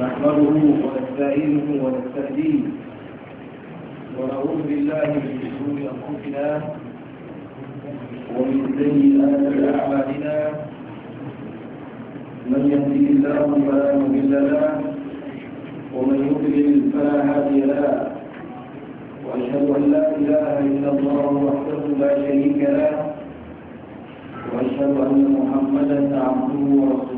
نحمده ونستعينه ونستهديه ونعوذ بالله من شرور انفسنا ومن سيئات اعمالنا من يهده الله فلا مضل له ومن يضلل فلا هادي له واشهد ان لا اله الا الله وحده لا شريك له واشهد ان محمدا عبده ورسوله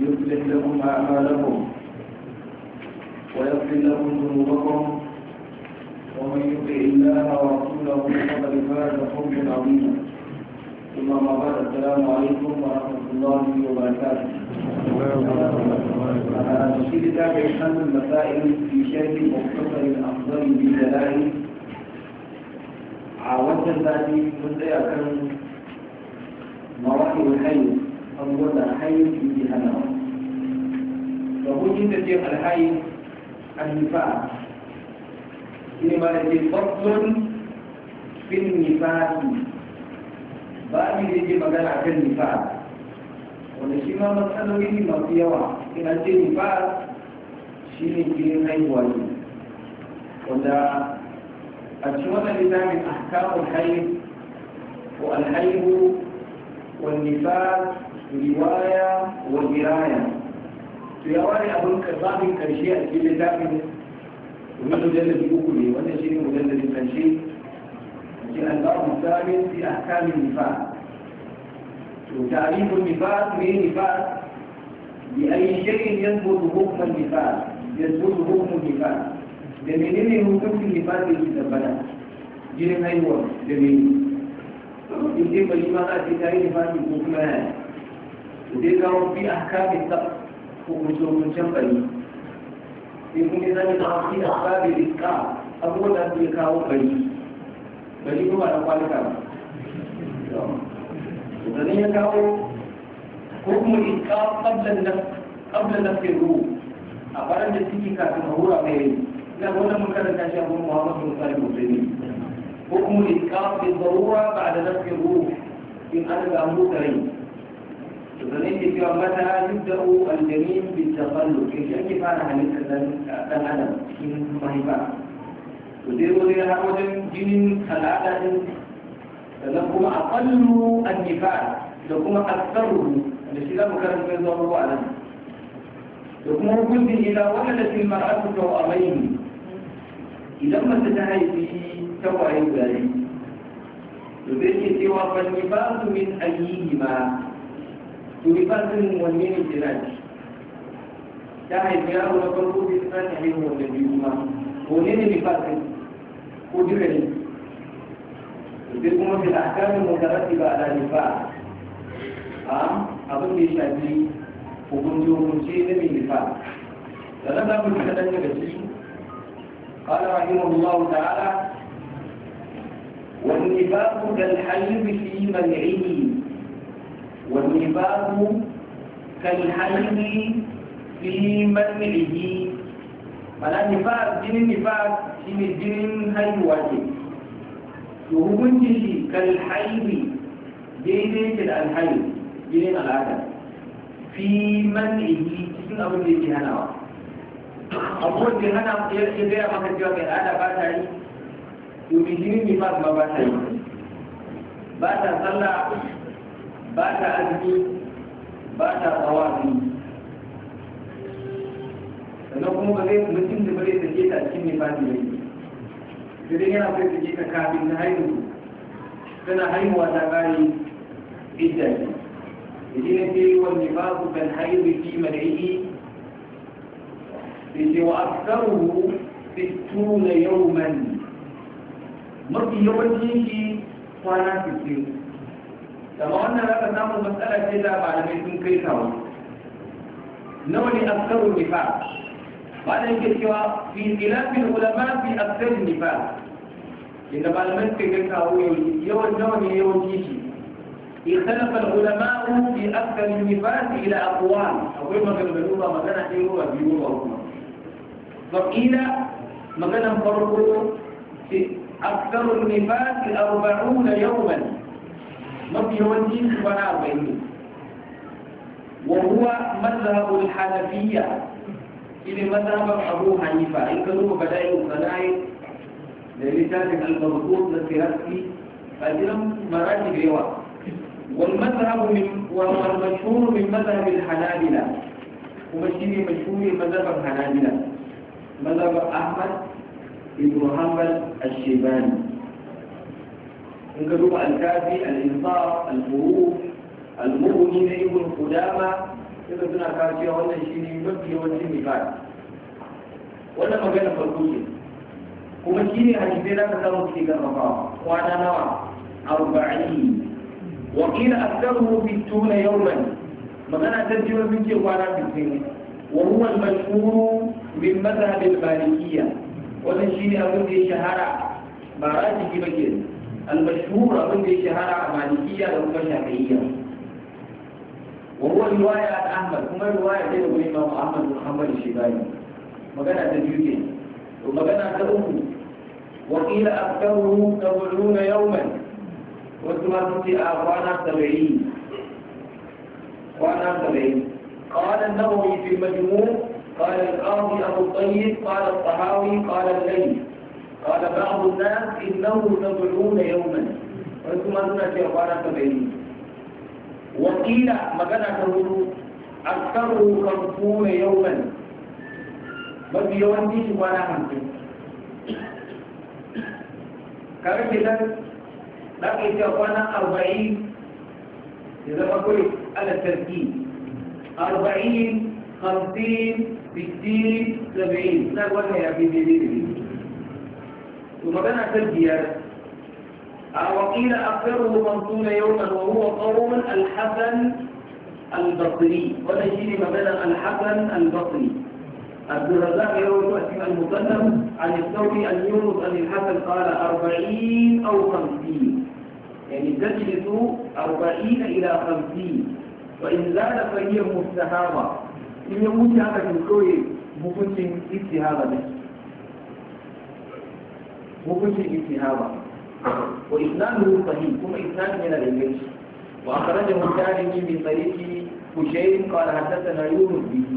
يصلح لهم أعمالهم ويغفر لهم ذنوبهم ومن يطع الله ورسوله فقد فاز فوزا عظيما ثم ما بعد السلام عليكم ورحمة الله وبركاته في كتاب حل المسائل في شرح مختصر الأفضل بالدلائل عاودت ذاتي منذ أكرم مراحل الحيض saboda hayin su yi hanawa da hujjin da ce alhayi annifa shi ma da ce faslun bin nifasi ba ni da ke magana kan nifasi wanda shi ma matsaloli ne masu yawa ina ce nifas shi ne kirin haihuwa ne wanda a cikin wannan littafin ahkamul hayi ko alhaihu wal nifas riwaya wa diraya to ya ware abin karfafin karshe a cikin littafin wani mujallabi uku ne wannan shi ne mujallabin karshe a cikin alba'u musamin fi ahkamin nifa to ta'rifun nifa ne nifa bi ayi shay'in yanzudu hukman nifa yanzudu hukmun nifa da menene hukuncin nifa da ke tabbata jinin haihuwa da menene in dai bari ma za a ce ta yi nifa ko kuma yaya zai kawo fi a kamin sa hukuncin bari sai kuma zai kawo fi a kamin riska abubuwan da zai kawo bari bari kuma da kwanuka ba sannan ya kawo ko kuma riska kablan na fero a baran da suke kafin a hura mai rai ina wannan makaranta shi abubuwan muhammadu musali musulmi ko kuma riska fi zarura ba da nafi ruhu in an gamu da rai tunanin da cewa mata yudau aljami bi tafallu ke shi ake fara halitta dan dan adam cikin mahaifa to dai wani har wajen jinin al'ada din sannan kuma a aqallu annifa da kuma a aktsaru da shi za mu karanta zuwa ruwa nan da kuma hukuncin ila wanda da filmar asuka wa abayin idan mace ta haifi tagwaye gari to bai ke cewa ban yi ba su min ayyihima تلفاتهم والمين الجناج تعرف يا أول فرقو بإثنان عليهم والنبيهما ونين لفاتهم أجرني يذكركم في الأحكام المترتبة على النفاق أم أظن شادي وكنت وكنتي من النفاق فلما كنت تتنجد قال رحمه الله تعالى والنفاق كالحلب في منعه والنفاق كالحيض في منعه mana nifas jinin nifas shi ne jinin haihuwa ce to hukuncin shi kalhaibi daidai ce da alhaibi jinin al'ada fi man'ihi cikin abin da yake hanawa abubuwan da hana ya ce gaya maka cewa mai ba ta yi jinin nifas ma ba ta yi ba ta ba ta azumi ba ta tsawafi sannan kuma ba zai mutum da bare sake ta cikin ne fadi ne idan yana kai sake ta kafin na haihu tana haihuwa ta kare idda ne idan ya ce wa su kan haihu fi mala'i sai ce wa tuna yau mani mafi yawancin shi kwana sittin كما قلنا بقى نعمل مسألة كده بعد ما يكون كيسا وقت نولي أكثر النفاق بعد ان كيسا في خلاف العلماء في أكثر النفاق إن بعد ما يكون كيسا وقت يوم نولي يوم تيجي اختلف العلماء في أكثر النفاق إلى أقوال أو ما كانوا بلوبة ما كان حيروا بيوبة فقيل ما كان مفرقوا أكثر النفاق أربعون يوماً مرمي هو الدين وهو مذهب الحنفية إلى مذهب أبو حنيفة إن كانوا بدأي وقلائي لرسالة المضبوط لسيرتي فإنهم مراتب روا والمذهب والمشهور من مذهب الحنابلة ومشهور مشهور مذهب الحنابلة مذهب أحمد بن محمد الشيباني in ka duba alkafi al-insaf al-furuf na ibn qudama suka suna kafiya wannan shi ne mafi yawancin misali wannan magana farko ce kuma shine hadisi da ka samu cikin karfafawa kwana nawa arba'in wa qila aktharuhu bittuna yawman magana ta jiwa mun ce kwana 60 wa huwa al-mashhur min madhhab al-malikiyya wannan shi ne abin da ya shahara ba rajiki ba kenan المشهور أبن الشهارة مالكية وأبن شافعية وهو رواية عن أحمد هما رواية دي أبو إمام أحمد بن محمد الشيباني مجانا تجوزين ومجانا تأمه وقيل أكثره سبعون يوما وثلاثة أعوانا سبعين وأنا سبعين قال النووي في المجموع قال القاضي أبو الطيب قال الطهاوي قال الليل قال بعض الناس إنه سبعون يوما وإنكم أنتم في أخوانا سبعين وقيل مكان تقول أكثره خمسون يوما بس يوم دي شوانا خمسين كما كده لكن في أخوانا أربعين إذا ما قلت على التركيب أربعين خمسين ستين سبعين لا وجه يا بيبي بيبي ومدنا كالجيار آه، وقيل أكثره منصون يوما وهو قوم الحسن البصري ونجيني مدنا الحسن البصري عبد الرزاق يروي تأثير المسلم عن الثوري أن يونس أن الحسن قال أربعين أو خمسين يعني تجلس أربعين إلى خمسين وإن زاد فهي مستهابة إن يموت هذا في الكوي ممكن استهامة مكتب اجتهادا وإسلامه صحيح ثم إسلام من الإنجليز وأخرجه الثاني من طريق كشير قال حدثنا يونس به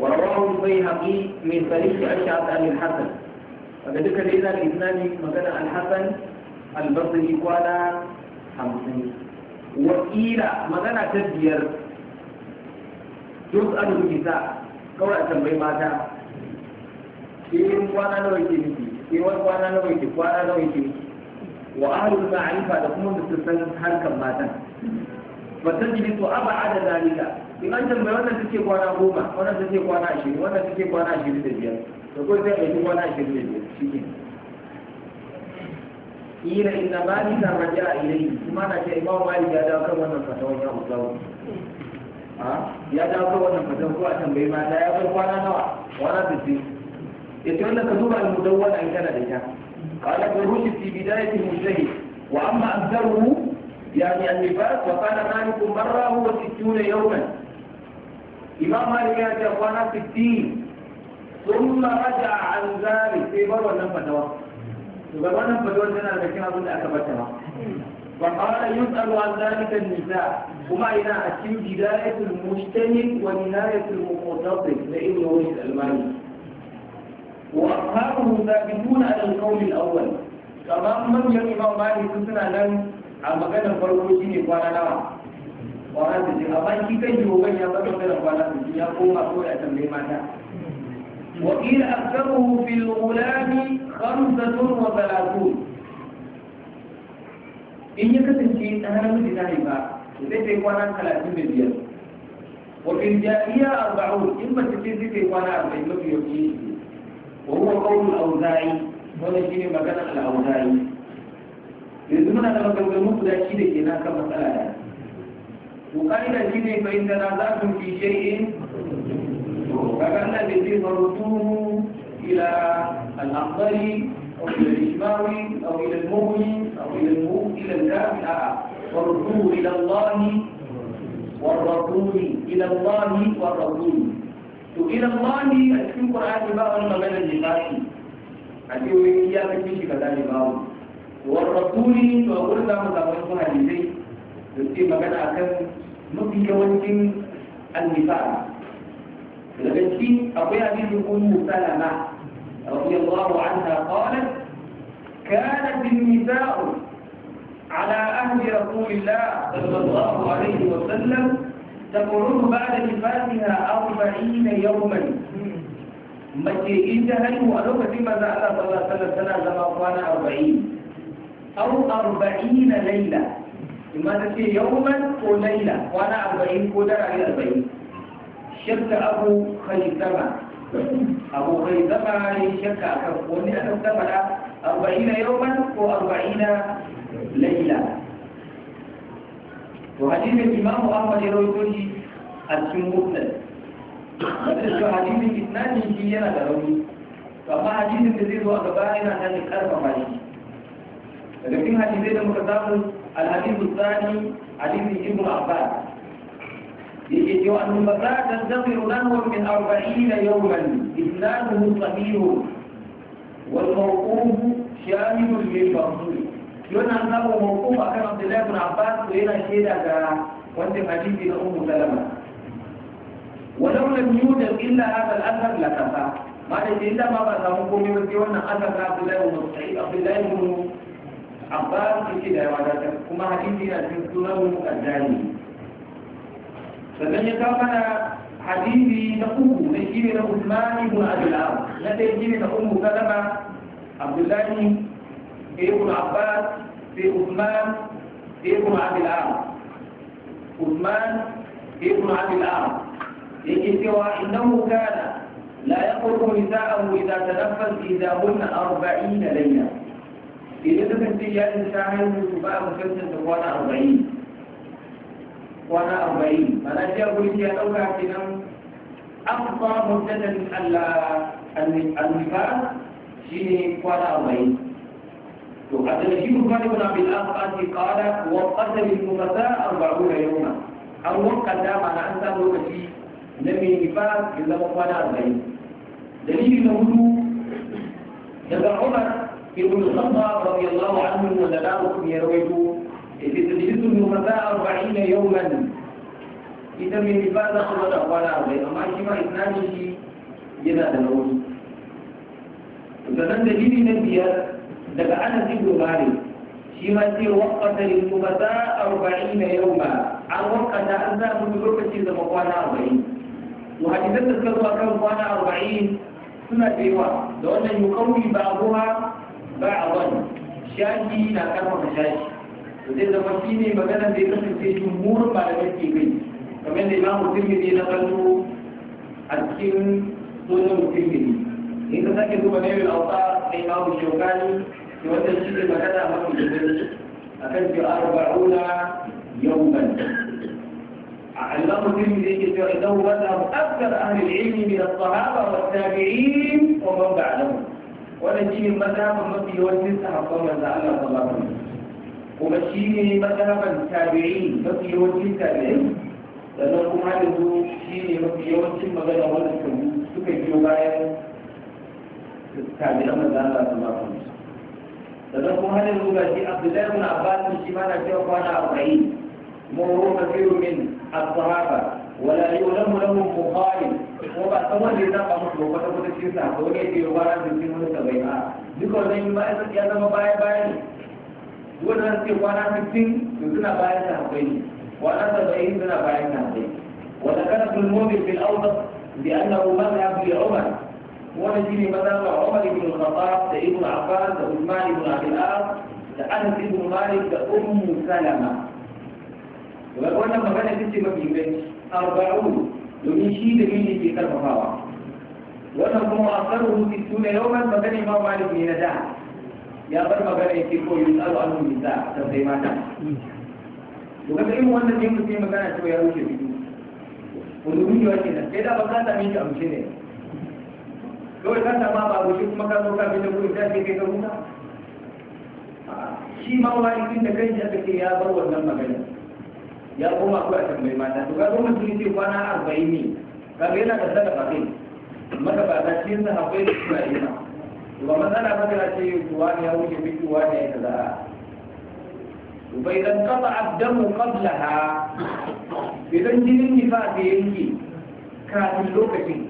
ورواه البيهقي من طريق أشعث أبي الحسن وذلك إلى الإسلام مثلا الحسن البصري قال حمصين وإلى مثلا تدبير جزء الجزاء قولة تنبيه ماذا؟ إن كان له sai wani kwana nawa yake kwana nawa yake wa ahlul ma'rifa da kuma da san harkan matan fa tajlisu ab'ada zalika in an tambaye wannan take kwana goma wannan take kwana ashirin wannan take kwana ashirin da biyar da kuma sai mai kwana ashirin da biyar shi kila inna malika raja ilayhi kuma na ce imam malik ya dawo kan wannan fatawa ya musawo ya dawo kan wannan fatawa ko a tambayi mata ya bar kwana nawa kwana sittin يتولى كتب المدونة إن كان قال ابن رشد في بداية المجتهد وأما أمثله يعني النفاق وقال مالك مرة هو ستون يوما إمام مالك يا أخوانا ستين ثم رجع عن ذلك في بر ولم فتوى وقال فتوى لنا لكن أظن أكبتها وقال يسأل عن ذلك النساء وما إلى أكيد بداية المجتهد ونهاية المقتصد لإنه وجد المالك وأصحابه ثابتون على القول الأول كما من يرى مالك سنة لن أما كان فرقه شيء نوع وانا تجي أما كي كي يوغن يا بطل كان وانا تجي يقوم أقول أتنبي مانا وإن أكثره في الغلام خمسة وثلاثون إن يكتن شيء أنا hannun miji na haifa zai ثلاثين kwana talatin da biyar wa fil jariya arba'un in mace ce zai kai kwana وهو قول الأوزاعي ولا شيء مكان الأوزاعي yanzu muna da maganganun guda shi da ke na kan matsala ya to ka'ida shi ne fa inda na za ku fi shay'in kaga Allah bai ce farutuhu ila al-akhdari أو إلى الإجماوي أو إلى المؤمن أو إلى المؤمن إلى الكافر فردوه إلى الله والرسول إلى الله والرسول to ila Allah a cikin Qur'ani ba wani magana ne ba shi a ce wai ya kace shi kaza ne ba wa rasuli to a gurin zamu ga wasu hadisai da suke magana akan mafi yawancin annifa daga ciki akwai hadisin ummu salama radiyallahu anha qalat كانت النساء على أهل رسول الله صلى الله عليه وسلم تمر بعد نفاسها أربعين يوما mace in haihu a lokacin maza Allah sallallahu alaihi tana zama kwana 40 aw 40 laila imma ta ce yawman ko laila kwana 40 ko dare 40 shakka abu khaytama abu khaytama ne shakka akan wani aka tabbata 40 yawman ko laila وحديث الإمام أحمد يقول السموت هذا شو حديث الإثنان يجينا دروني فما حديث الكثير هو أقبائنا عن الكرب مالي لكن حديث المكتاب الحديث الثاني حديث يجيب العباد يجيب أن المكتاب تنتظر نهو من أربعين يوما إثنانه صحيح والموقوف شامل للمرسول yana samu mawquf akan Abdullahi ibn Abbas da yana shaida ga wanda hadisi na Ummu Salama walau lam yujad illa hadha al-athar la kafa ma da illa ma ba samu komai ba sai wannan athar na Abdullahi ibn Sa'id Abdullahi ibn Abbas yake da wadata kuma hadisi na cikin sunan Al-Bukhari sannan ya kawo mana hadisi na uku da shi ne na Usman ibn Abi al na dai shi ne na Ummu Salama Abdullahi في ابن عباس في عثمان في ابن عبد العام عثمان في ابن عبد العام يجي إنه كان لا يقرب نساءه إذا تنفس إذا هن أربعين ليلة في إذا تكنت يا إنسان يبقى مسلسل وانا أربعين وانا أربعين فأنا جاء قلت يا لو كنم أقصى مدة النفاس شيني وانا أربعين التذكير كان بن عبد الأخطأ قال وقت للنفساء أربعون يوما أو وقت معنى أن تأمر في نمي نفاق إلا وقوانا أربعين دليل نقول دبع عمر بن الخطاب رضي الله عنه وزلاله يرويه تجلس النفساء أربعين يوما إذا من نفاق أخذ أقوانا أربعين أما شما إثنانه ينادى نقول فمن دليل نبيات daga ana zido ne shi ma ce wakata ne kuma za a arba'in na yau ma an wakata an za mu lokaci zama kwana arba'in to hadisan da suka zuwa kan kwana arba'in suna da yawa da wannan yukawi ba a abuwa ba a wani shaki na karfafa shaki zai zama shi ne maganar da ya kasance ba da yake kai kamar da imamu tirmidhi na kallo a cikin sunan tirmidhi in ka sake zuba na yau da imamu shaukani to wannan shi ne magana mafi muhimmanci akan ce arba'una yawman علمه الترمذي انه مذهب اكثر اهل العلم من الصحابه والتابعين ومن بعدهم wannan shi ne mazhaban mafi yawancin sahabban manzo Allah sallallahu alaihi wasallam kuma shi ne mazhaban tabi'i mafi yawancin tabi'i sannan kuma da su shi ne mafi yawancin magana wanda suka biyo bayan tabi'an manzo Allah sallallahu alaihi wasallam sannan kuma hannun ruga shi abdullahi ibn abbas shi ma na cewa kwana arba'in kuma ruwa kafiru min as-sahaba wala yulamu lahum muqarin kuma ba san wanda ya zaba musu ba kwata kwata cikin sa ko ne ke ruwa da cikin wani sabai a duka wannan ba ya zama baya baya ne wannan sai kwana 15 to suna bayan sa akwai kwana 70 suna bayan sa akwai ولكان ابن المنذر في الاوسط بانه مذهب لعمر ولدين مثلا عمر بن الخطاب سيد بن عفان عثمان بن عبد الاب لانس بن مالك ام سلمه ولكن ما بين في مبين 40 لمن شيد مني في كل مفاوى ونقوم اخره في السنة يوما ما بين مالك من نجاح يا بل ما بين في كل يسال عنه النساء تسليمات وكان يوم ان الدين في مكان شويه وشبيه ونقول له اشياء كذا بقى تعمل شيء kawai kan ta ba ba gushi kuma ka zo kafin da kuma sai kai ka huta shi ma wa ikin da kai da kake ya bar wannan magana ya koma ko a can mai mata to ka zo mun tuni ce kwana 40 ne ka ga yana da daga bakin maka ba ta ci yanzu akwai da kuma ina to ba man zana fadara ce kuwa ne ya wuce bi kuwa ne ya tazara to bai dan kafa abdamu kablaha idan jinin nifa ta yanke kafin lokacin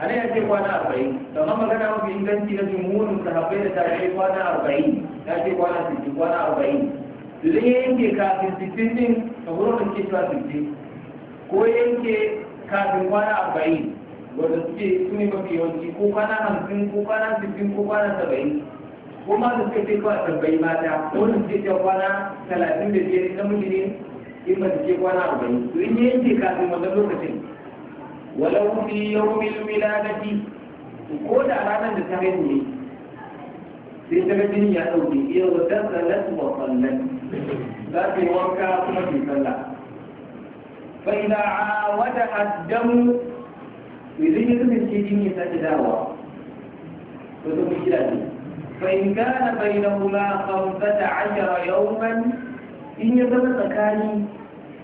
ana ya ce kwana arba'in kamar magana mafi inganci na jumhurin sahabbai da ce kwana arba'in ya ce kwana sittin kwana arba'in da zai ya yanke kafin sittin din ka wurin ce cewa sittin ko yanke kafin kwana arba'in wanda suke su ne mafi yawanci ko kwana hamsin ko kwana sittin ko kwana saba'in ko ma da suka ce kwana tambayi mata ko da suke cewa kwana talatin da biyar na miji ne in ba su ce kwana arba'in to in yanke kafin wannan lokacin walau fi yawmil wiladati ko da ranar da ta gani sai ta gani ya dauke iya wata salat wa sallat za ta yi wanka kuma ta sallah fa idza awada addamu idan ya zama ce jini ya sake dawowa ko ta kuma kira ne فإن كان بينهما خمسة عشر يوما إن يبقى تكاني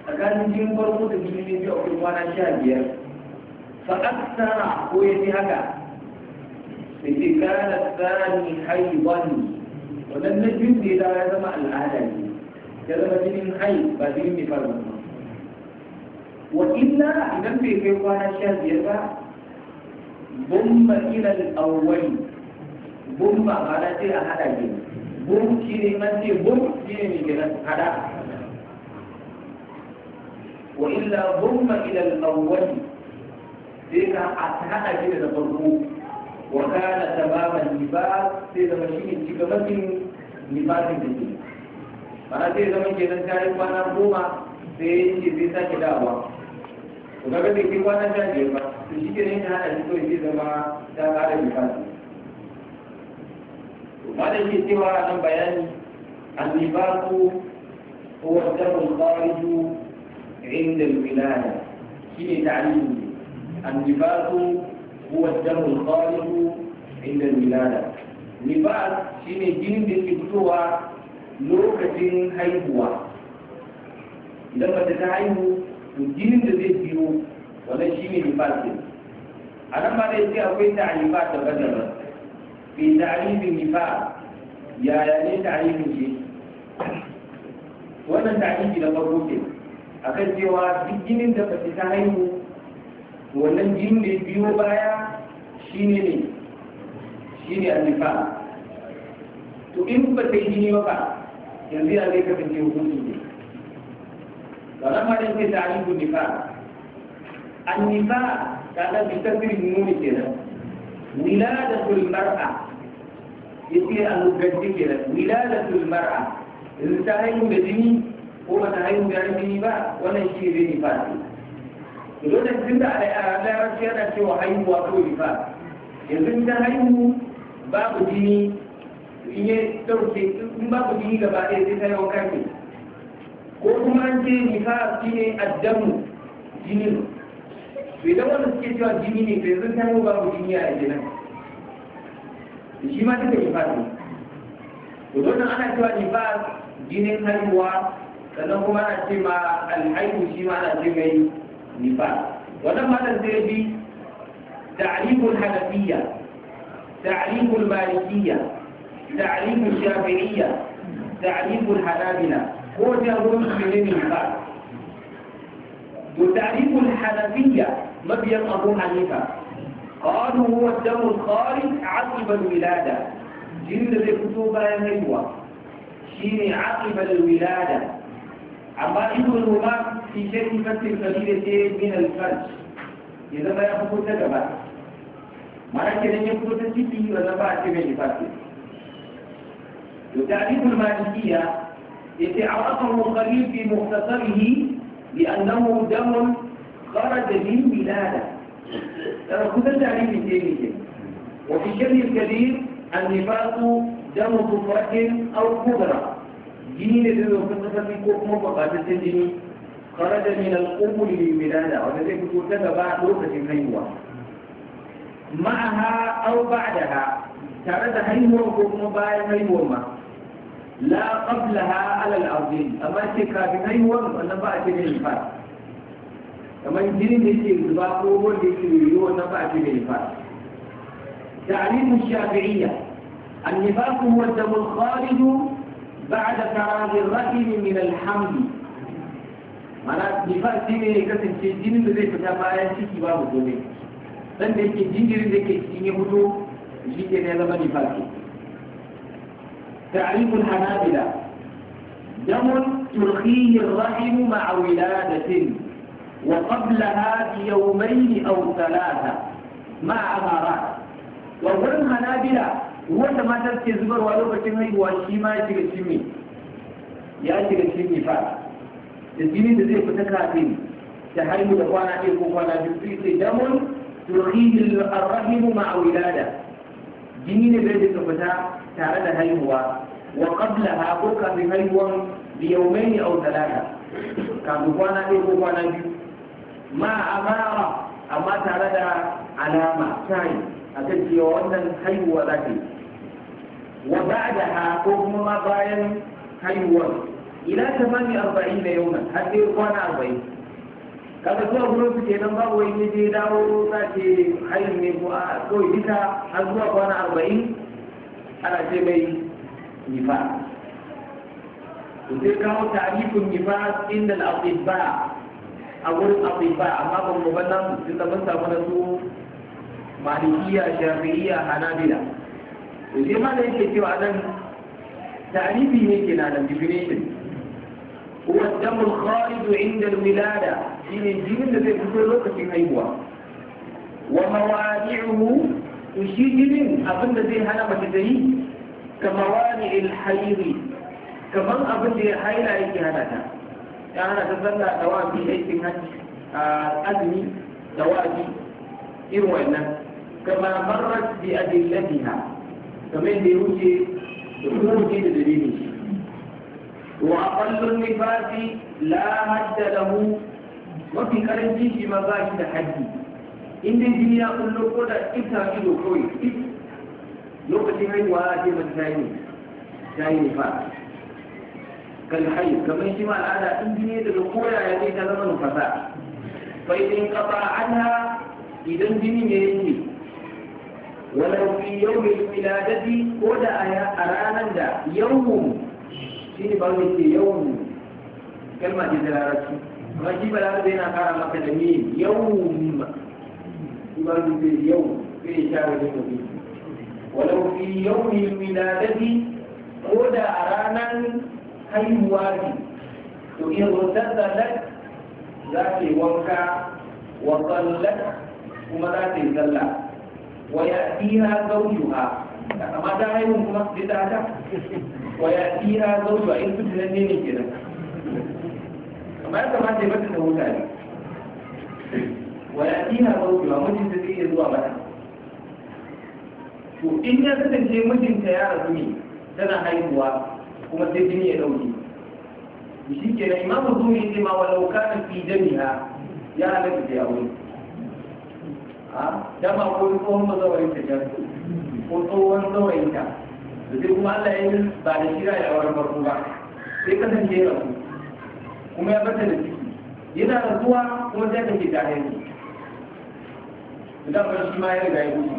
تكاني جنبر مدى جنبي في أكتبانا شابير فأكثر ويتهكى إذا كان الثاني حيضا ولم نجد إذا يزم العالم يزم جن حيض بعدين نفرم وإلا إذا في كيوان الشاذية ضم إلى الأول ضم على تلك هذا bum shine mace bum shine mai gina hada wa illa bumma ila al-awwal sai ka a haɗa shi da farko wa kana tamaman nifas sai zama shi ne cikin nifasin da ke mana sai zama ke kenan tarin kwana goma sai ya ce zai sake dawa to kaga bai kai kwana sha biyar ba to shi kenan yana haɗa shi kawai zai zama ta ƙara nifasin to ma da ke cewa a nan bayani annifasu هو الدم الخارج عند الولادة. شيء تعليمي النبات هو الدم الخالص عند الولادة نبات شيني جين دي كبتوها لوكتين هيبوا إذا ما تتعيبوا الجين دي بيو ولا شيني نبات a nan ba zai ce akwai ta'arifa ta daban fi ta'arifin nifa yaya ne ta'arifin shi wannan ta'arifi da farko ke akan cewa duk ginin da mace ta haihu wannan jin da biyo baya shine ne shine annifa to in ba ta yi jini ba yanzu ya zai kasance hukunci ne ba zan ma da ke ta alibu nifa annifa ta da bi tasirin nuni ya wiladatul mar'a yace ke gaddi kenan da mar'a yanzu ta haihu da jini ko ba ta haihu da jini ba wannan shi ne nifa ne lokacin tun da a larabci yana cewa haihuwa ko fa yanzu ta haihu babu jini in ya dauke in babu jini gaba ɗaya sai ta yawan kake ko kuma an ce nifa shi ne addamu jinin to idan wanda suke cewa jini ne to yanzu ta haihu babu jini a jinin shi ma duka nifa ne to wannan ana cewa nifa jinin haihuwa sannan kuma ana ce ma alhaihu shi ma ana ce mai نفاق ولما تنتهي تعريف الحنفية تعريف المالكية تعريف الشافعية تعريف الحنابلة هو جاهون من النفاق وتعريف الحنفية مبيا أبو حنيفة قالوا هو الدم الخارج عقب الولادة جلد الكتب ينهيوه شيني عقب الولادة amma ibn ruba fi sharhi fatil kabir ce min al farj ya zama ya fito ta gaba mara ke ya fito ta ciki wanda ba a ce mai fasi to ta'riful malikiyya yace arafahu khalil fi mukhtasarihi bi annahu damun خرج من بلاده ترى كل التعريف الجيد وفي الشر الكبير النفاق دم كفرة أو كبرى جيني دلو كنت في كوك مطلقة تسجني خرج من القبل للولادة وذلك كنت بعد روكة الهيوة معها أو بعدها ترد هيوة كوك مبايا ما لا قبلها على الأرضين أما تكافي هيوة أنا بعد من الفات kamar jini da ke zuba ko wanda ke yi wanda ba ke da nifas ta'limu shafi'iyya بعد فراغ الرحم من الحمد معنى نفاق سيني سيدين اللي فتا فايا سيكي بابو دوني لن دكي جنجر هدو جيكي نظام نفاق تعريف الحنابلة دم ترخيه الرحم مع ولادة وقبلها بيومين أو ثلاثة مع أمارات وهم الحنابلة wanda mata ke zubarwa lokacin haihuwa shi ma ya shiga cimi ya shiga cimi fa da jini da zai fita kafin ta haihu da kwana ɗaya ko kwana biyu sai damun turhihil arrahimu ma wilada jini ne zai dinga fita tare da haihuwa wa ha ko kafin haihuwan bi yawmaini aw talata kafin kwana ɗaya ko kwana biyu ma amara amma tare da alama a kan cewa wannan haihuwa za ta yi wa ha ko kuma ma bayan haihuwar ila tamami arba'in da yau har sai kwana arba'in kaga zuwa gurin su kenan wai ne je dawo sace haihu ne ko a kawai bisa har zuwa kwana arba'in ana ce mai nifa to sai kawo tarifin nifa inda al'afibba a gurin afibba amma ban mu ban nan su mun samu na su malikiya shafi'iyya hanabila to shi ma da yake cewa nan ta'rifi ne ke na da definition huwa ad-damu al-kharij 'inda al-wilada shine jinin da zai fito lokacin haihuwa wa mawadi'uhu to shi jinin abin da zai hana mace ta yi ka mawani al kamar abin da ya haila yake hana ta ya hana ta sallah da wafi aikin hajji azumi da wafi irin wannan kama marrat bi adillatiha kamar da ya wuce da kuma wuce da dalilin shi wa aqallu nifasi la hadda mu mafi karanci shi ma ba shi da haddi inda jini ya kullo ko da ita ido kawai lokacin haihuwa a ce man tayi tayi nifa kal hayu kamar shi ma al'ada in jini daga koya ya ce ta zama nufasa fa idan qata anha idan jini ne yake yawmin wiladati ko da a ranar da yawmu shi ne ba ke ce yawmu kalma ce da larabci amma shi ba larabci yana kara maka da ne yawmu ba shi ba mai ke yawmu sai ya sha wani mutum walau fi yawmin wiladati ko da a ranar haihuwa ne to in rotar da lak za ke yi wanka wa tsallar kuma za ta yi sallah ويأتيها زوجها ما دا كما سجد هذا ويأتيها زوجها إن كنت لديني كده ما أنت ما جبت له ثاني to in ya kasance mijinta ya rasu ne tana haihuwa kuma sai jini ya dauke shi kenan imamu ma walau kana fi jami'a ya halatta da aure dama ko tsohon mazawarinta ta ko tsohon zawarinta da zai kuma Allah ya yi ba da shira ya auren farko ba sai ka kasance ya rasu kuma ya bata da ciki yana rasuwa kuma sai take tare da shi da ba shi ma ya ga ya mutu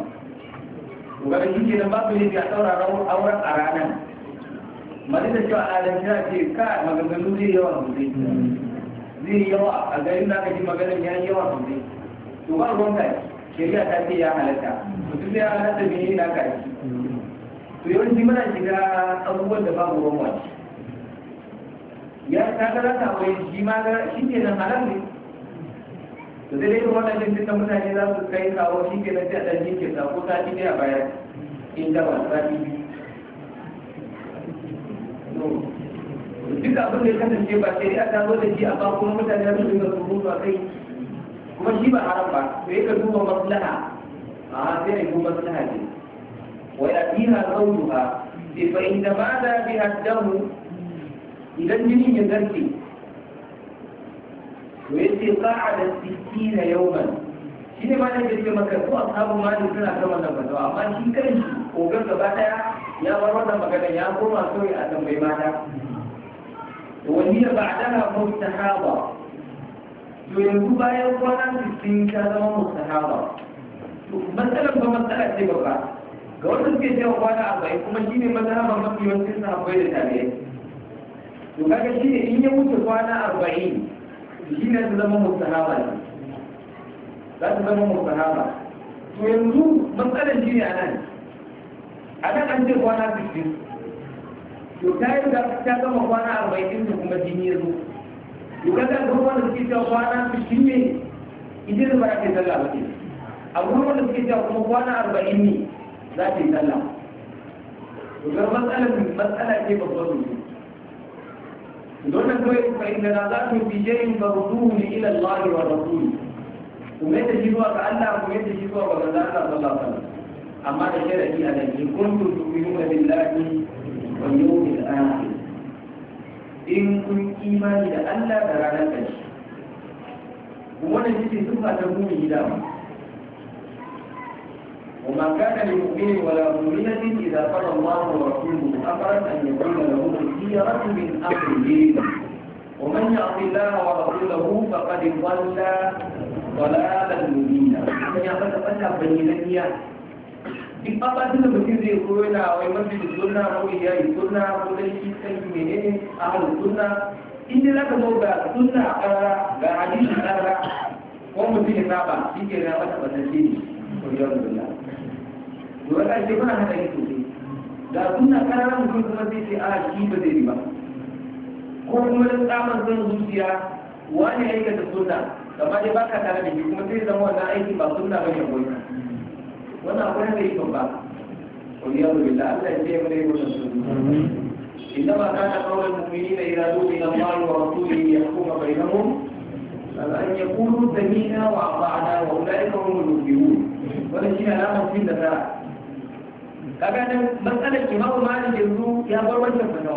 to ga shi ke nan babu yadda ya saurara auren a ranar mali da cewa adam ya ce ka maganganu zai yawa sosai zai yawa a garin da ka ji maganar ya yi yawa sosai to ba ruwan kai shari'a ta ce ya halatta mutum ya halatta ne yana kashi to yawanci mana shiga abubuwan da babu ruwan wani. ya ta ga za wai shi ma ga shi ke nan halal ne to sai dai wannan jin duka mutane za su kai kawo shi ke nan sai a ɗan jinke sa ko sati ne a baya in da ba sati biyu duk abin da ya kasance ba sai ya ta zo da shi amma kuma mutane za su dinga surutu a kai kuma shi ba haram ba to yake duba maslaha a sai ne duba maslaha ne wa fiha zawjuha sai fa inda ma da bi haddamu idan jini ya garke to yace qa'ada 60 yawman shi ne ma da yake maka ko ashabu ne suna kama wannan fatawa amma shi kanshi kogar gaba daya ya bar wannan magana ya koma sai a tambayi mata wani da ba'daha mustahaba to yanzu bayan kwana sittin ka zama mustahaba matsalar ba matsala ce ba ga wanda suke cewa kwana arba'in kuma shi ne ba mafi yawancin akwai da tare to kaga shi ne in ya wuce kwana arba'in shi ne su zama mustahaba ne za su zama mustahaba to yanzu matsalar shi ne a nan a nan an ce kwana sittin to ta yi ta zama kwana arba'in da kuma jini ya zo yukatar gurban da suke cewa kwana fishin ne idan ba ake sallah ba ke a gurban da suke cewa kuma kwana arba'in ne za ta yi sallah ga matsalar matsala ce babban mutum دون كويس فإن نظرتم بشيء فردوه إلى الله والرسول ومن تجدوا فألا ومن تجدوا وكذلك صلى الله da وسلم أما تشرع في أن كنتم تؤمنون بالله واليوم الآخر in kun imani da Allah da ranar ƙarshe wannan shi ne sifa ta mumini dama وما كان لمؤمن ولا مؤمنة إذا قضى الله ورسوله أمرا أن يكون لهم الخيرة من أمرهم ومن يعص الله ورسوله فقد ضل ضلالا مبينا. فهي قد بينت duk abatin da mutum zai koyo na wai mafi da sunna mawai ya yi sunna ko da shi a hannun in dai zaka zo ga sunna a ƙarara ga hadisi ko mutum ya saba shi ke na mata ne ko yau da to wata ce kuna hada yi sosai ga mutum kuma zai ce a ah, shi ba zai yi ba ko kuma da zuciya wani aikata gaba dai tare da shi kuma sai zama wannan aiki ba suna ba ne a wani abu ya zai ba Wani ya zubi da Allah ya zai mai wani su inda ba ta ta kawai mutumini da ina zuwa ina malu wa rasuli ya kuma bai na mu an ya kuru da nina wa ba'ada wa ulai ka mu lubiwu wani shi ne alamar fi da ta kaga nan matsalar kimanin malin yanzu ya bar wancan fata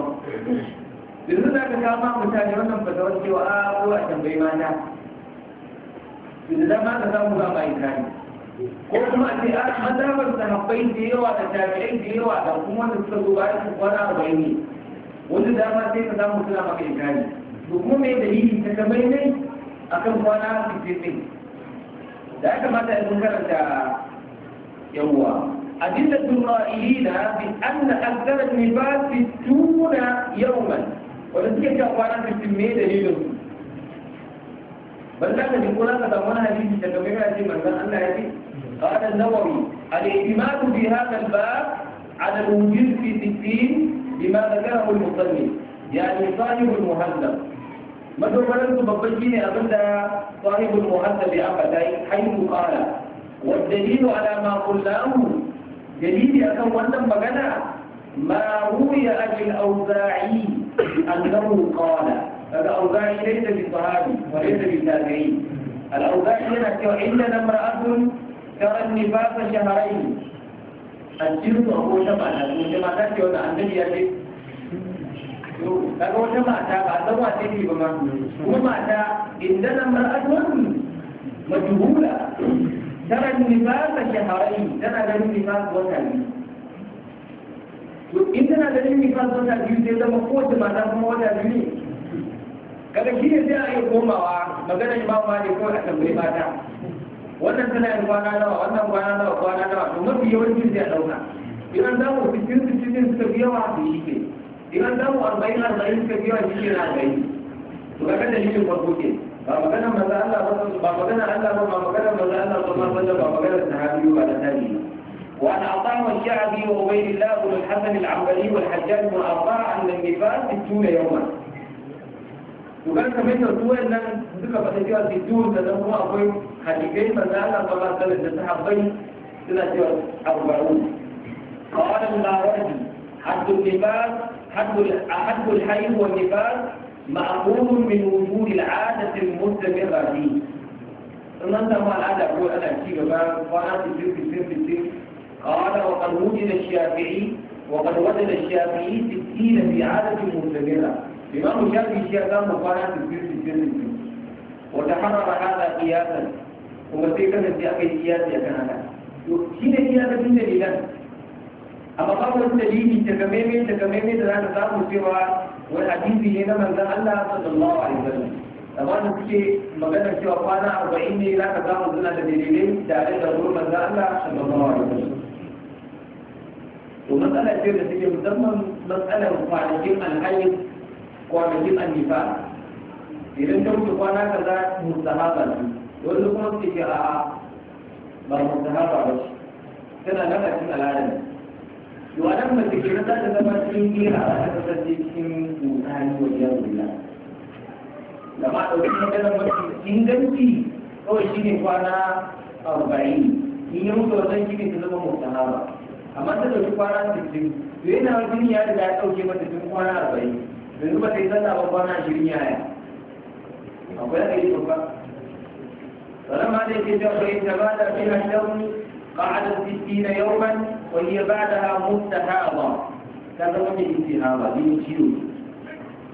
yanzu za ka kama mutane wannan fata wasu cewa a zuwa tambayi mata yanzu dama ka samu ba ma yi kari ko kuma a ce a ah, mazabar sahabbai da yawa da jami'ai da yawa da kuma da suka zo bayan su kwana arba'in ne wanda dama sai ka samu suna maka ikani to kuma mai dalili ta kamar akan kwana sittin ɗin da aka mata in karanta yawwa أدلة القائلين بأن أكثر النفاس ستون يوما ولذلك أخوانا في السمية دليلهم ka لا تقول هذا ضمن هذه التكمية هذه مثلا أن هذه قال النووي الاعتماد في هذا الباب على الوجود في ستين بما ذكره المصلي يعني صاحب المهذب مدرسة مبجيني أبدا صاحب المهذب أبدا حيث قال والدليل على ما قلناه دليل أكون وندم مغنى ما روي عن الأوزاعي أنه قال الأوزاعي ليس بالصحابي وليس بالتابعين الأوزاعي لنا عندنا امرأة ترى wata mata. الجنس هو شبه الجماعة تأتي وضع ya ce? daga wata mata ba ta ba ta ba ma kuma mata inda nan mar'atun majhula tana nifasa shaharai tana ganin nifasa wata biyu in tana da ba kan wata biyu sai zama kowace mata kuma wata biyu ne kaga shi ne sai a yi komawa maganar ma ne kawai a tambayi mata wannan tana yin kwana nawa wannan kwana nawa kwana nawa to mafi yawancin zai ɗauka idan za mu fitin fitin suka fi yawa su shi ke idan za mu arba'in arba'in suka fi yawa shi ke na arba'in to kaga dalilin farko ke ba magana maza Allah ba ba magana Allah ba ba magana maza Allah ba ba magana ba magana sahabi ba da tabi'i وعن عطاء الشعبي وعبيد الله بن الحسن العنبري والحجاج بن عطاء ان النفاق 60 يوما وكان كمان رسول الله suka faɗi cewa sittun da nan kuma akwai hadisai manzo Allah sallallahu alaihi wasallam da sahabbai suna cewa arba'un qala al-mawardi haddu libas haddu haddu al-hayy wa libas ma'qul min wujud al-'adati al-mustamirra fihi sannan da ma al'ada ko ana ci gaba kwana 66 قال وقد وجد الشافعي وقد وجد الشافعي ستين في عادة مستمرة الإمام الشافعي الشيخ كان مقارنة في السنة وتحرر هذا قياسا ومسيكا في أخي القياس يا كنانا شين قياسا شين دليلا أما قبل الدليل تكميمي تكميمي تلان تقام سوى والحديث هنا من ذا الله صلى الله عليه وسلم أما نسكي مغانا في قانا أربعين لا تقام ذنا دليلين تعالي تقول من ذا الله صلى الله عليه وسلم ومسألة كيف تجي مسمى مسألة جمع مفاعلين وعلى جمع النفاق idan ta wuce kwana kaza mustahaba ne wani kuma suke ce a ba mustahaba ba ce tana nan a cikin al'ada ne to a nan mace ke za ta zama cikin gera a ta kasar cikin kokari wa biyar wula da ma ɗauki maganar mafi inganci kawai shi ne kwana arba'in in yi mutu wajen shi ne ta zama mustahaba amma ta ɗauki kwana sittin to yana wani ya riga ya ɗauke mata cikin kwana arba'in yanzu ba ta yi sallah ba kwana ashirin yaya akwai aka yi tsufa فلما عليك جبر تبادى بها الدم قعدت ستين يوما وهي بعدها مستهابة كان وجه استهابة دي ciwo.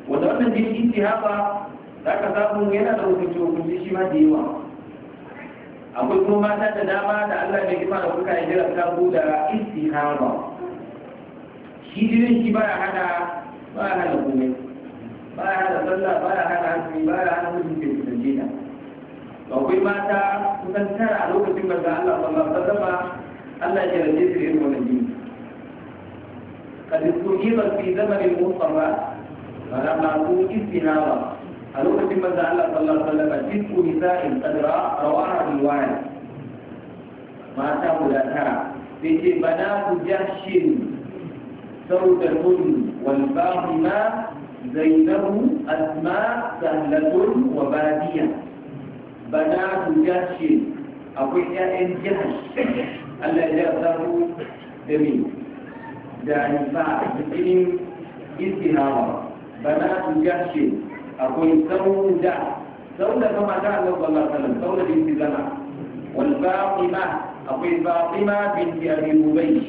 wanda wannan jin istihaba za ka samu yana da hukunci hukunci shi ma akwai kuma mata da dama da Allah mai kima da kuka yi jira ta shi ba Ba ya da sallah ba ya hana azumi baya hana mutum ke kusance ta akwai mata kusan tara a lokacin manzo Allah sallallahu alaihi wasallam Allah ya rage su irin wannan jini قد استجيبت في زمن المصطفى فلما كنت استنارا a lokacin manzo Allah sallallahu alaihi wasallam jinku nisa'in qadra rawaha riwaya mata guda tara sai ce bana ku jahshin saudan hun wal ma? زينب أسماء سهلة وبادية بنات جهش أبو إن جهش الذي يغتر دمين دعنفاء بسكين استهارة بنات جهش أبو سون جهش سون كما قال صلى الله عليه وسلم سون بنت زمع والفاطمة أبو فاطمة بنت أبي أبيش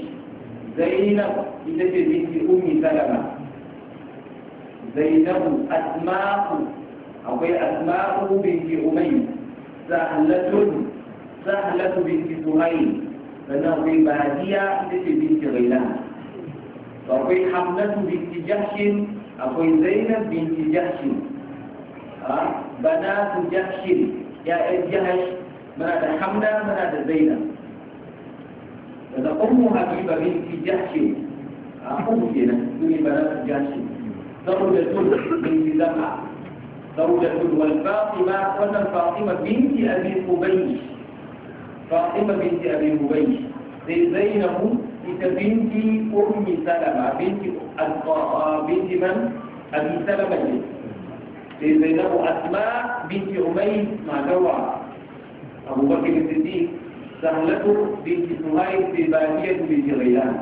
زينب بنت أم سلمة زينب أسماء بي أسماء بنت أمي سهلة سهلة بنت سهيل فنقول بادية بنت غيلان بي حملة بنت جحش بي زينب بنت جحش بنات جحش يا إيه جحش من هذا حملة من هذا زينب فنقول أمها بنت جحش أمها بنت جحش زوجة بنت زمعة زوجة والفاطمة وأنا فاطمة بنت أبي قبيش فاطمة بنت أبي قبيش زينب بنت أم سلمة بنت بنت من؟ أبي سلمة زينب أسماء بنت أميس مع دوعة أبو بكر الصديق سهلة بنت سهيل بادية بنت غيلان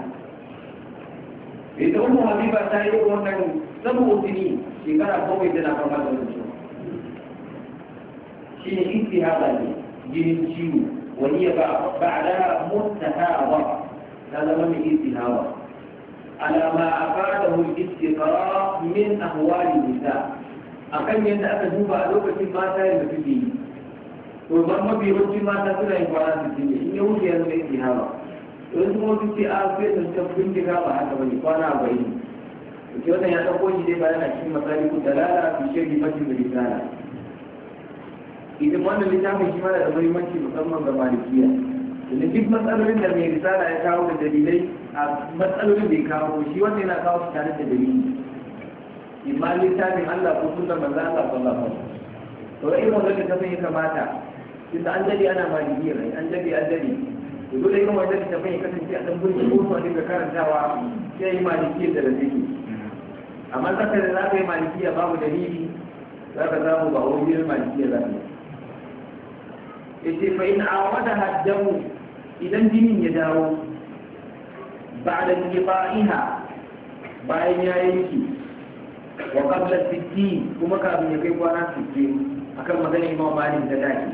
إذا أم حبيبة سعيد sabu usini shekara bakwai tana kama da wancan shi ne haɗa ne jinin ciwo wani ya ba'da mutahaba ta zama mai istihaba ala ma afadahu al fara min ahwali nisa kan yadda aka duba a lokacin mata yadda suke yi to ban mafi yawancin mata suna yin kwana su ne in ya wuce yanzu mai istihaba to yanzu kuma su ce a ah, sai da ta bincika kama haka bane kwana arba'in ke wannan ya ɗauko shi dai bayan a cikin masali ku dalala fi shirki fashi da risala idan wannan littafin shi ma da muhimmanci musamman ga malikiya domin duk matsalolin da mai risala ya kawo da dalilai a matsalolin da ya kawo shi wannan yana kawo su tare da dalili imma littafin Allah ko sunan manzo Allah sallallahu alaihi wasallam to irin wannan littafin ya kamata tunda an dade ana malikiya ne an dade an dade to dole kuma wannan littafin ya kasance a dan gurbin ko wanda ka karantawa sai malikiyar da da take amma saka da za ka yi malikiya babu dalili za ka samu ba wajen malikiya za ka yi ce fa a wata hajjamu idan jinin ya dawo ba'da iya bayan ya yanki wa kabla 60 kuma kafin ya kai kwana a kan maganar Imam Malik da dake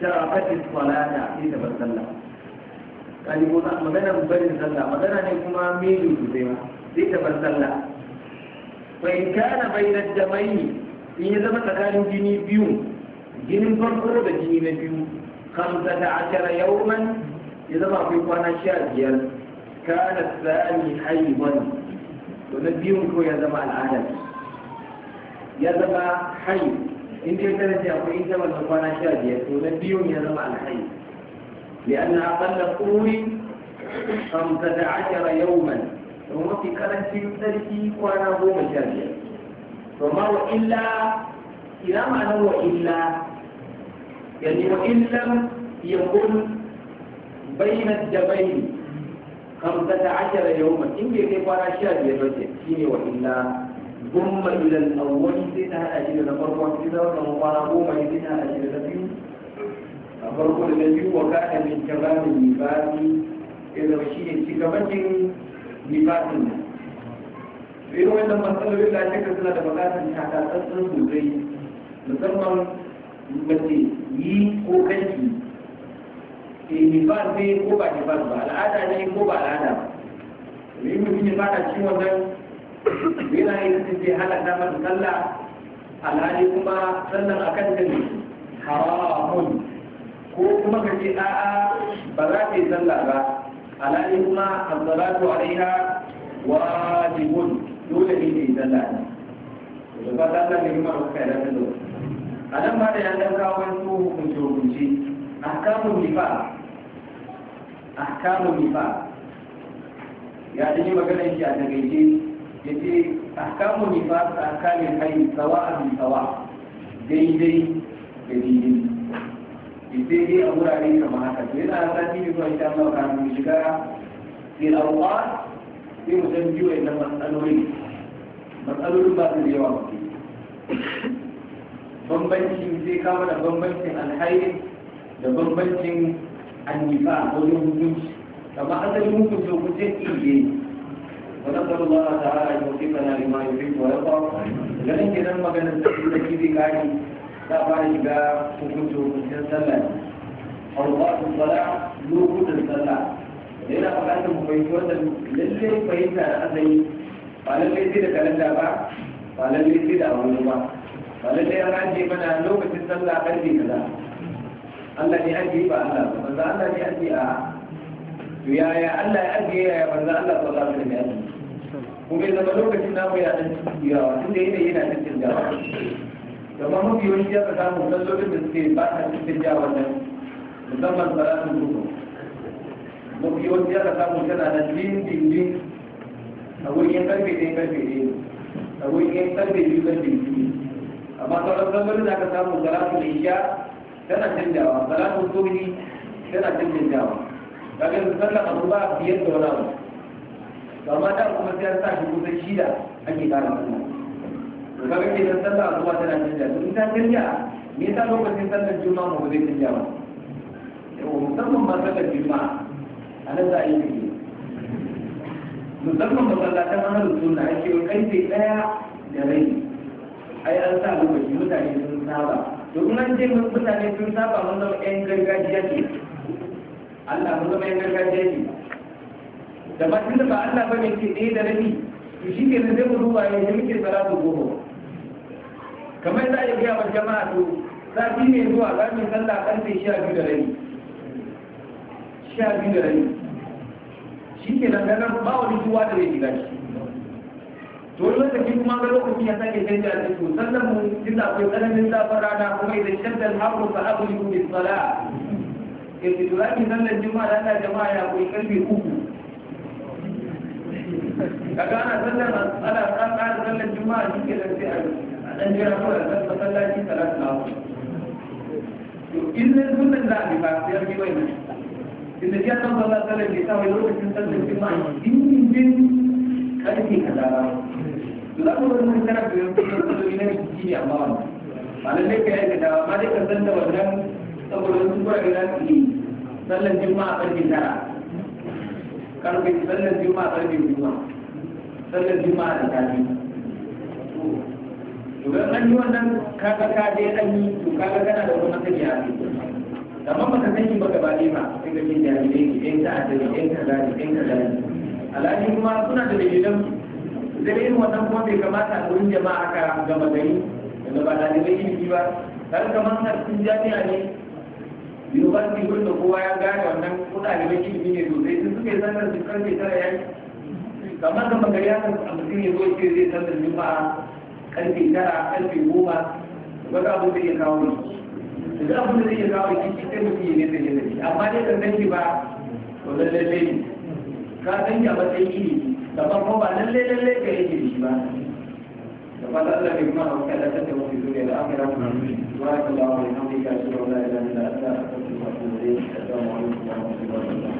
tarafati salata sai da bar sallah kaji ko magana barin sallah magana ne kuma zai yi. sai da bar sallah فإن كان بين الدمين إن يزم تكان جني بيوم جني فرقو بجني بيوم خمسة عشر يوما إذا ما في قوانا شاذيا كان الثاني حيضا ونبيون كو يزم العدد يزم حي إن كنت نتعقل إن زم قوانا شاذيا ونبيون يزم الحي لأن أقل قوي خمسة عشر يوما domin mafi karancin sarki kwana goma sha biyar domin wa illa ina ma'anar wa illa yani wa illam yakun bayna dabaini kamsata ashara yawma in bai kai kwana sha biyar ba ce shine wa illa gumma ila al sai ta hada shi da farko sai ta wannan kwana goma sai ta hada shi da biyu a farko da biyu wa kana min kabamin ibadi sai da shi ne shugabancin miƙatin nan yi. wannan matsalolin da shekar suna da bukatar shakatsantsan sosai musamman mace yi ko kanki ke nifas ne ko ba nifas ba al'ada ne ko ba al'ada ba yi mutum ya fada ciwon nan yana yi sun ce halatta masa sallah alhali kuma sannan a kan ta ne haramun ko kuma ka ce a'a ba za ta yi sallah ba alhali kuma as-salatu alaiha wajibun dole ne ne sallah ne da ba ta ne kuma ba kai da dole a nan ba da ya dan kawo wani hukunci hukunci ahkamun nifaq ahkamun nifaq ya dan yi magana shi a tagaice yace ahkamun nifaq tsawa a sawa'an tsawa, daidai da daidai sai dai a wurare kamar haka to yana sati ne zuwa insha ka mu shiga fil awqat sai mu san biyo wannan matsaloli matsalolin ba su da yawa ba bambanci zai kama da bambancin alhairi da bambancin annifa wajen hukunci amma asalin hukunci hukuncin iya ونسأل الله تعالى أن يوفقنا لما يحب ويرضى maganin كلام مكان التكليف ذكاري za a fara shiga hukunci hukuncin sallah farwatun sala lokutan sallah da yana bukatar mu fahimci wannan lalle fahimta da asali ba lalle sai da kalanda ba ba lalle sai da abu ba ba lalle an ajiye mana lokacin sallah karfe kaza Allah ne ajiye ba Allah ba manzo Allah ne ajiye a to yaya Allah ya ajiye yaya manzo Allah sallallahu alaihi wasallam kuma zama lokacin namu ya ɗan cikin yawa tunda yana yana cikin jawa kamar mafi wani ya ka samu sallolin da suke ba ta cikin ja wannan musamman salatin zuwa mafi yawanci ya ka samu tana da din din din a wurin yan karfe ɗaya karfe ɗaya a wurin yan karfe biyu karfe biyu amma sauran sallolin da aka samu salatin isha tana canjawa salatin zuhri tana canjawa kaga yanzu sallan abu ba biyar da wani abu amma da kuma sai an sa shi kusan shida ake kara sallah kaga ke da sallah zuwa tana canja to ta canja me yasa lokacin sallar juma'a mu zai canja ba yau musamman ma sallar juma'a a nan za a yi biki musamman masallatan ahlus sunna ake karfe daya da rai ai an sa lokaci mutane sun saba to kuma ce mutane sun saba mun Allah mun zama yan gargajiya ne da ba ba Allah bane ke da rabi to shi ke zai mu duba ya kamar za a gaya wa jama'a to sati mai zuwa za mu sallah karfe sha biyu da shi sha biyu da rabi shi ke nan ganar ba wani zuwa da rai shiga shi to wani ke kuma ga lokaci ya sake canja da su sannan mu tunda akwai tsananin zafin rana kuma idan shaddan haru fa abu ne bi sala in ji zaki sannan juma'a da Allah jama'a ya koyi karfe uku kaga ana sannan ana tsaka sallan juma'a shi ke nan sai a dan jira ko da san masallaci salatu na ku to in ne sunan da ni ba sai ki wai inda ya san Allah sallallahu alaihi wasallam lokacin sallar jima'i din din karfe da ba to za ku bar mun kana da yanzu da ina ji ne amma wannan ba lalle kai da dawa dai ka san da wannan saboda wasu ba ga da ni sallar jima'a karfe tara karfe sallar jima'a karfe goma sallar jima'a da tafi don an yi wannan kaga ka je an yi to kaga kana da wani sani a da amma baka sani ba gaba ɗaya ba sai ga jin jami'ai ne ɗan ta adali ɗan kaza ne ɗan kaza ne alhaji kuma suna da dalilan da irin wannan kuma bai kamata a wurin jama'a ka gama gari daga ba ɗalibai ilimi ba har kamar sarkin jami'a ne university wurin da kowa ya gane wannan ko ɗalibai ilimi ne sosai sun suke sanar da karfe tara yaki kamar gama gari haka a mutum ya zo ce zai sanar juma'a karfe tara karfe goma ba za abin da kawo ne da abin da zai kawo ne shi cikin mutum ya nesa ya nesa amma dai kan danki ba to lalle ne ka danki a matsayin yi kamar kuma ba lallai lalle ka yake da shi ba da fata Allah bai kuma hauka da ta mafi zuriya da amira wa ya kalla wa ya hamdika shi wa la ilaha illa ta tabbata wa zai tabbata wa ta tabbata